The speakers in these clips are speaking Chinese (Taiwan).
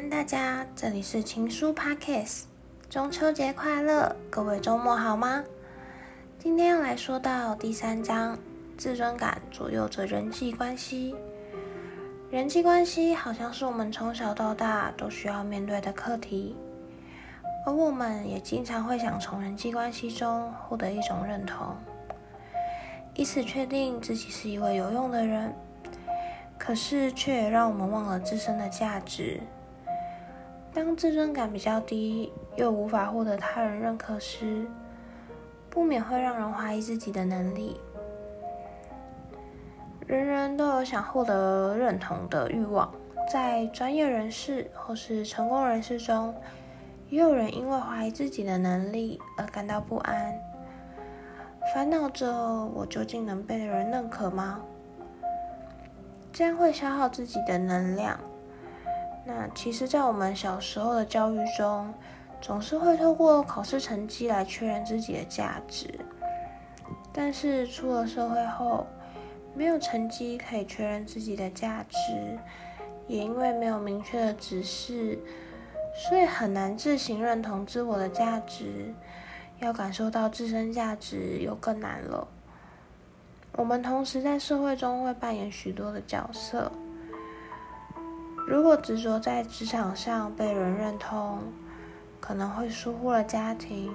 歡迎大家，這裡是情書 Podcast，中秋節快樂！各位周末好嗎？今天要來說到第三章，自尊感左右着人際關係。人際關係好像是我們從小到大都需要面對的課題，而我們也經常會想從人際關係中獲得一種認同，以此確定自己是一位有用的人。可是，卻也讓我們忘了自身的價值。當自尊感比較低，又無法獲得他人認可時，不免會讓人懷疑自己的能力。人人都有想獲得認同的慾望，在專業人士或是成功人士中，也有人因為懷疑自己的能力而感到不安，煩惱着我究竟能被人認可嗎？這樣會消耗自己的能量。那其實，在我們小時候的教育中，總是會透過考試成績來確認自己的價值。但是，出了社會後，沒有成績可以確認自己的價值，也因為沒有明確的指示，所以很難自行認同自我的價值。要感受到自身價值又更難了。我們同時在社會中會扮演許多的角色。如果執着在職場上被人認同，可能會疏忽了家庭；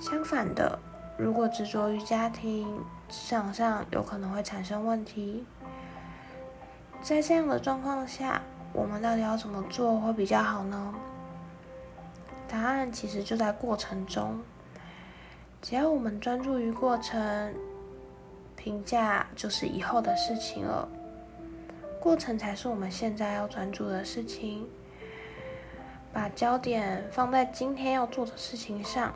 相反的，如果執着於家庭，職場上有可能會產生問題。在這樣的狀況下，我們到底要怎麼做會比較好呢？答案其實就在過程中，只要我們專注於過程，評價就是以後的事情了。過程才是我們現在要專注的事情，把焦點放在今天要做的事情上。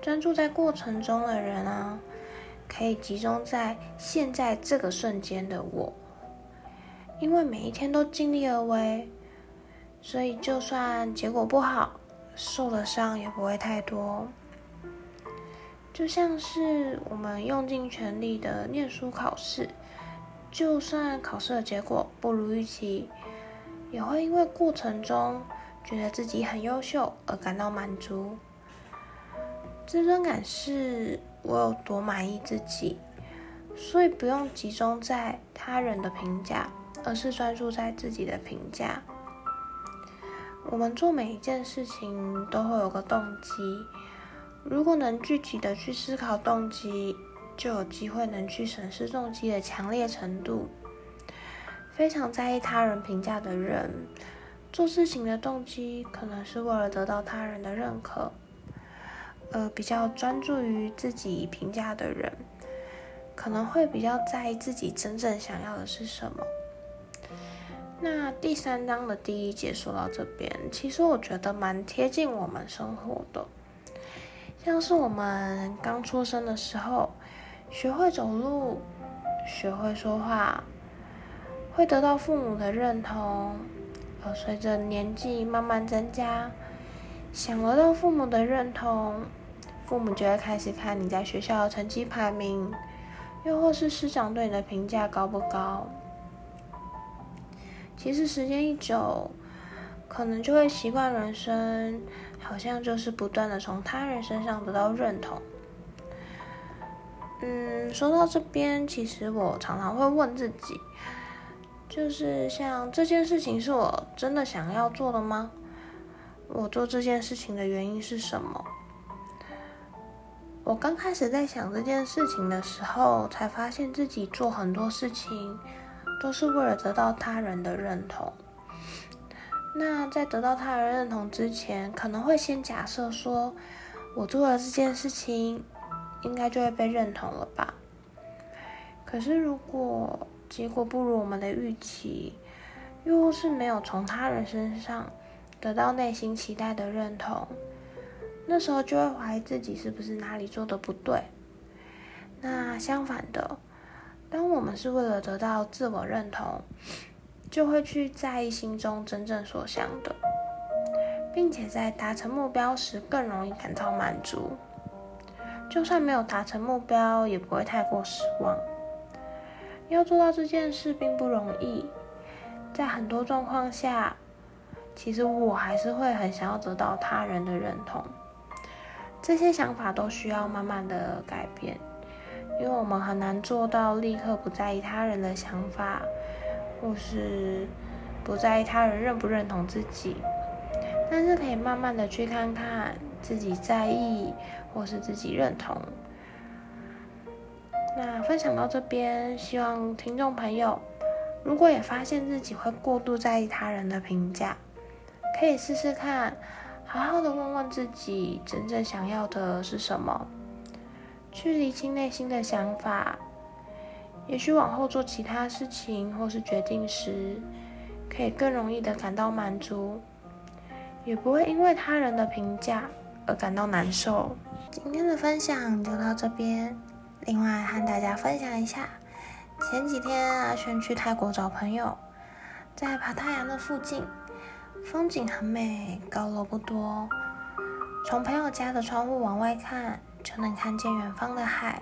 專注在過程中的人啊，可以集中在現在這個瞬間的我，因為每一天都盡力而為，所以就算結果不好，受的傷也不會太多。就像是我們用盡全力的念書考試。就算考試的結果不如預期，也會因為過程中覺得自己很優秀而感到滿足。自尊感是我有多滿意自己，所以不用集中在他人的評價，而是專注在自己的評價。我們做每一件事情都會有個動機，如果能具體的去思考動機，就有機會能去審視動機的強烈程度。非常在意他人評價的人，做事情的動機可能是為了得到他人的認可。而比較專注於自己評價的人，可能會比較在意自己真正想要的是什麼。那第三章的第一節說到這邊，其實我覺得蠻貼近我們生活的，像是我們剛出生的時候。學會走路，學會說話，會得到父母的認同。而隨着年紀慢慢增加，想得到父母的認同，父母就會開始看你在學校的成績排名，又或是師長對你的評價高不高。其實時間一久，可能就會習慣人生，好像就是不斷的從他人身上得到認同。嗯，說到這邊，其實我常常會問自己，就是像這件事情是我真的想要做的嗎？我做這件事情的原因是什麼？我剛開始在想這件事情的時候，才發現自己做很多事情都是為了得到他人的認同。那在得到他人認同之前，可能會先假設說，我做了這件事情。應該就會被認同了吧？可是如果結果不如我們的預期，又或是沒有從他人身上得到內心期待的認同，那時候就會懷疑自己是不是哪裡做的不對。那相反的，當我們是為了得到自我認同，就會去在意心中真正所想的，並且在達成目標時更容易感到滿足。就算沒有達成目標，也不會太過失望。要做到這件事並不容易，在很多狀況下，其實我還是會很想要得到他人的認同。這些想法都需要慢慢的改變，因為我們很難做到立刻不在意他人的想法，或是不在意他人認不認同自己。但是可以慢慢的去看看。自己在意或是自己認同，那分享到這邊，希望聽眾朋友如果也發現自己會過度在意他人的評價，可以試試看，好好的問問自己真正想要的是什麼，去釐清內心的想法，也許往後做其他事情或是決定時，可以更容易的感到滿足，也不會因為他人的評價。而感到難受。今天的分享就到這邊。另外，和大家分享一下，前幾天阿、啊、軒去泰國找朋友，在爬太陽的附近，風景很美，高樓不多。從朋友家的窗戶往外看，就能看見遠方的海。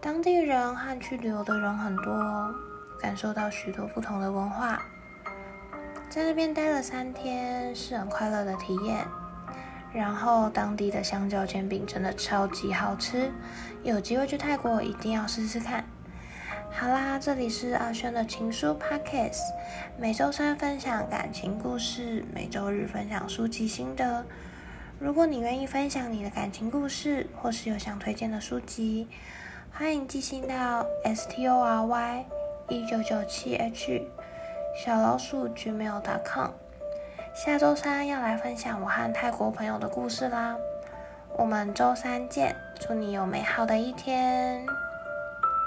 當地人和去旅遊的人很多，感受到許多不同的文化。在那邊待了三天，是很快樂的體驗。然後當地的香蕉煎餅真的超級好吃，有機會去泰國一定要試試看。好啦，這裡是阿軒的情書 Podcast，每週三分享感情故事，每週日分享書籍心得。如果你願意分享你的感情故事，或是有想推薦的書籍，歡迎寄信到 story 一九九七 h 小老鼠 Gmail dot com。下週三要來分享我和泰國朋友的故事啦！我們週三見，祝你有美好的一天。